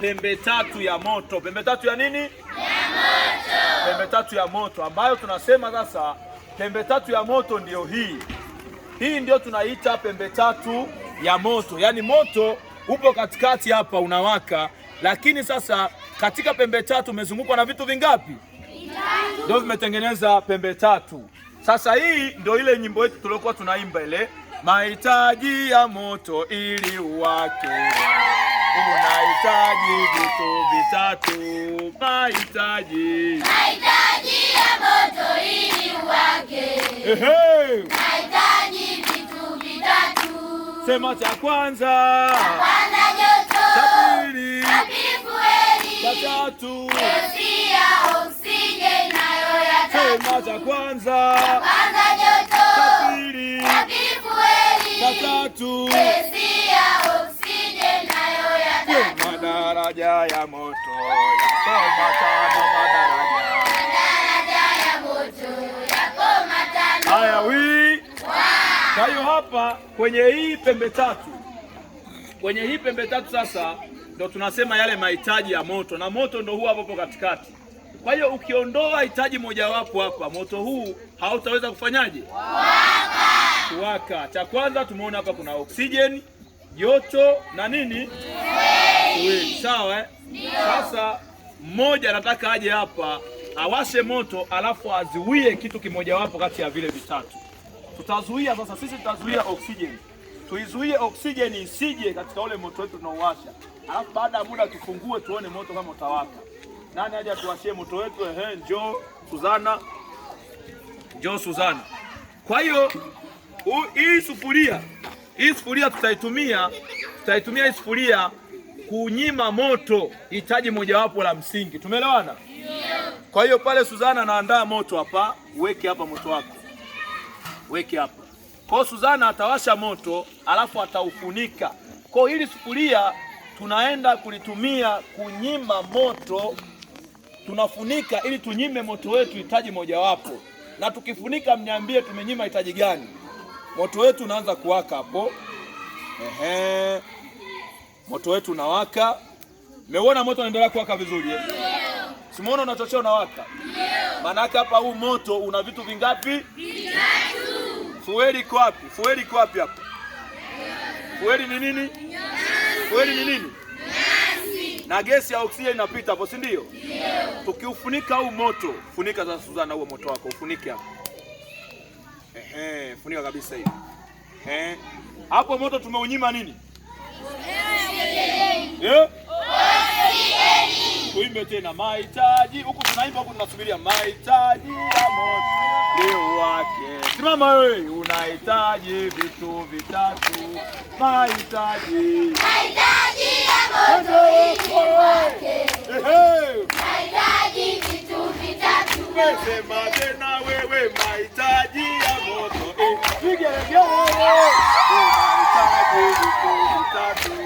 pembe tatu ya moto. Pembe tatu ya nini? Ya moto. Pembe tatu ya moto ambayo tunasema sasa, pembe tatu ya moto ndiyo hii hii, ndio tunaita pembe tatu ya moto. Yaani moto upo katikati hapa unawaka, lakini sasa katika pembe tatu umezungukwa na vitu vingapi? Ndio vimetengeneza pembe tatu. Sasa hii ndio ile nyimbo yetu tuliokuwa tunaimba ile mahitaji ya moto ili uwake Unahitaji vitu vitatu, mahitaji mahitaji ya moto ili uwake. Ehe, mahitaji vitu vitatu, sema cha kwanza, cha kwanza joto, cha pili cha fueli, cha tatu gesi ya oksijeni nayo ya tatu. Sema cha kwanza, cha kwanza joto, cha pili cha fueli, cha tatu ya moto Haya wi kwa hiyo hapa kwenye hii pembe tatu, kwenye hii pembe tatu sasa ndo tunasema yale mahitaji ya moto, na moto ndo huwa hapo katikati. Kwa hiyo ukiondoa hitaji mojawapo hapa, moto huu hautaweza kufanyaje? Kuwaka. Cha kwanza tumeona hapa kuna oksijeni, joto na nini? wawili, sawa eh? Sasa mmoja anataka aje hapa awashe moto alafu azuie kitu kimojawapo kati ya vile vitatu. Tutazuia sasa, sisi tutazuia oksijeni, tuizuie oksijeni isije katika ule moto wetu tunaowasha, alafu baada ya muda tufungue tuone moto kama utawaka. Nani aje atuwashie moto wetu? Ehe, njoo Suzana, njoo Suzana. Kwa hiyo hii sufuria hii sufuria tutaitumia tutaitumia hii sufuria kunyima moto hitaji mojawapo la msingi. Tumeelewana? Kwa hiyo pale Suzana anaandaa moto hapa, weke hapa moto wako, weke hapa. Kwa hiyo Suzana atawasha moto alafu ataufunika. Kwa hiyo hili sufuria tunaenda kulitumia kunyima moto, tunafunika ili tunyime moto wetu hitaji mojawapo. Na tukifunika, mniambie tumenyima hitaji gani? Moto wetu unaanza kuwaka hapo. Ehe. Moto wetu unawaka. Meuona moto unaendelea kuwaka vizuri eh? Yeah. Simuona unachochea unawaka. Yeah. Maana hapa huu moto una vitu vingapi? Vitatu. Fueli iko wapi? Fueli iko wapi hapa? Fueli ni nini? Fueli ni nini? Na gesi ya oksijeni inapita hapo, si ndio? Yeah. Tukiufunika huu moto, funika sasa Suzana huo moto wako, ufunike hapo. Ehe, funika kabisa hivi. Ehe. Hapo moto tumeunyima nini? Yeah. Tuimbe tena mahitaji. Huku tunaimba huku tunasubiria mahitaji ya moyo wake. Simama wewe, unahitaji vitu vitatu. Mahitaji. Mahitaji ya moyo wake. Mahitaji tena wewe, mahitaji ya moyo. Eh, piga, piga Mahitaji vitu vitatu.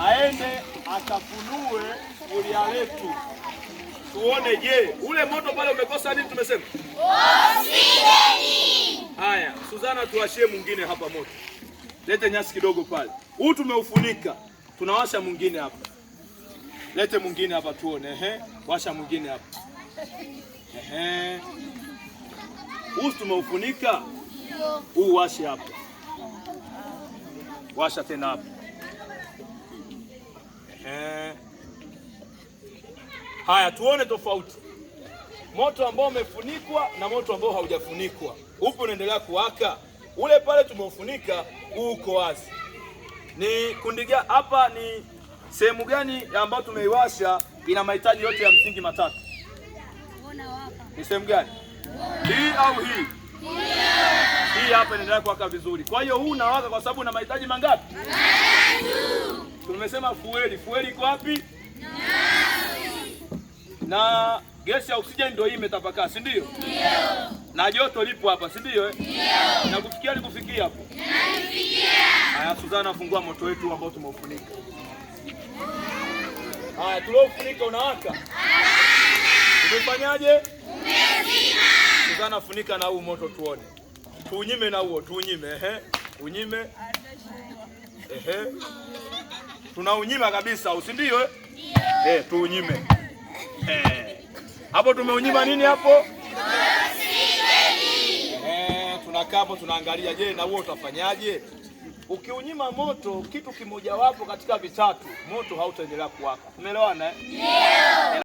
aende akafunue kulia letu, tuone. Je, ule moto pale umekosa nini? Tumesema oksijeni. Haya, Suzana, tuwashie mwingine hapa moto. Lete nyasi kidogo pale, huu tumeufunika, tunawasha mwingine hapa. Lete mwingine hapa tuone. Ehe, washa mwingine hapa. Ehe, huu tumeufunika huu, washe hapa, washa tena hapa Eh. Haya, tuone tofauti, moto ambao umefunikwa na moto ambao haujafunikwa. Upo unaendelea kuwaka, ule pale tumeufunika, huu uko wazi. Ni kundi gani hapa? Ni sehemu gani ambayo tumeiwasha? Ina mahitaji yote ya msingi matatu. Ni sehemu gani hii au hii? Hii hapa inaendelea kuwaka vizuri. Kwa hiyo huu unawaka kwa sababu una mahitaji mangapi? tumesema fueli, fueli iko wapi? Na gesi ya oksijeni ndio hii imetapakaa, si ndio? Na joto lipo hapa, si ndio? Eh? Na kufikia likufikia hapo. Haya, Suzana afungua moto wetu ambao tumeufunika. Haya, tuliofunika unawaka? Umefanyaje? Umezima. Suzana funika na huu moto tuone. Tuunyime na huo, tuunyime, ehe. Unyime. Ehe tunaunyima kabisa, usindio? Eh? eh, tuunyime eh. hapo. Tumeunyima nini hapo? Eh, tunakaa hapo tunaangalia, je, na wewe utafanyaje? Ukiunyima moto kitu kimojawapo katika vitatu, moto hautaendelea kuwaka. Umeelewana eh?